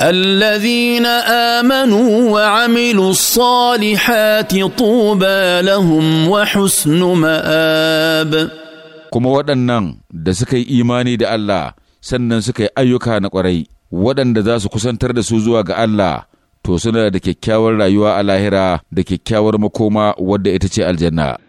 الذين امنوا وعملوا الصالحات طوبى لهم وحسن مآب kuma waɗannan da suka yi imani da Allah sannan suka yi ayyuka na ƙwarai waɗanda za su kusantar da su zuwa ga Allah to suna da kyakkyawar rayuwa a lahira da kyakkyawar makoma wadda ita ce aljanna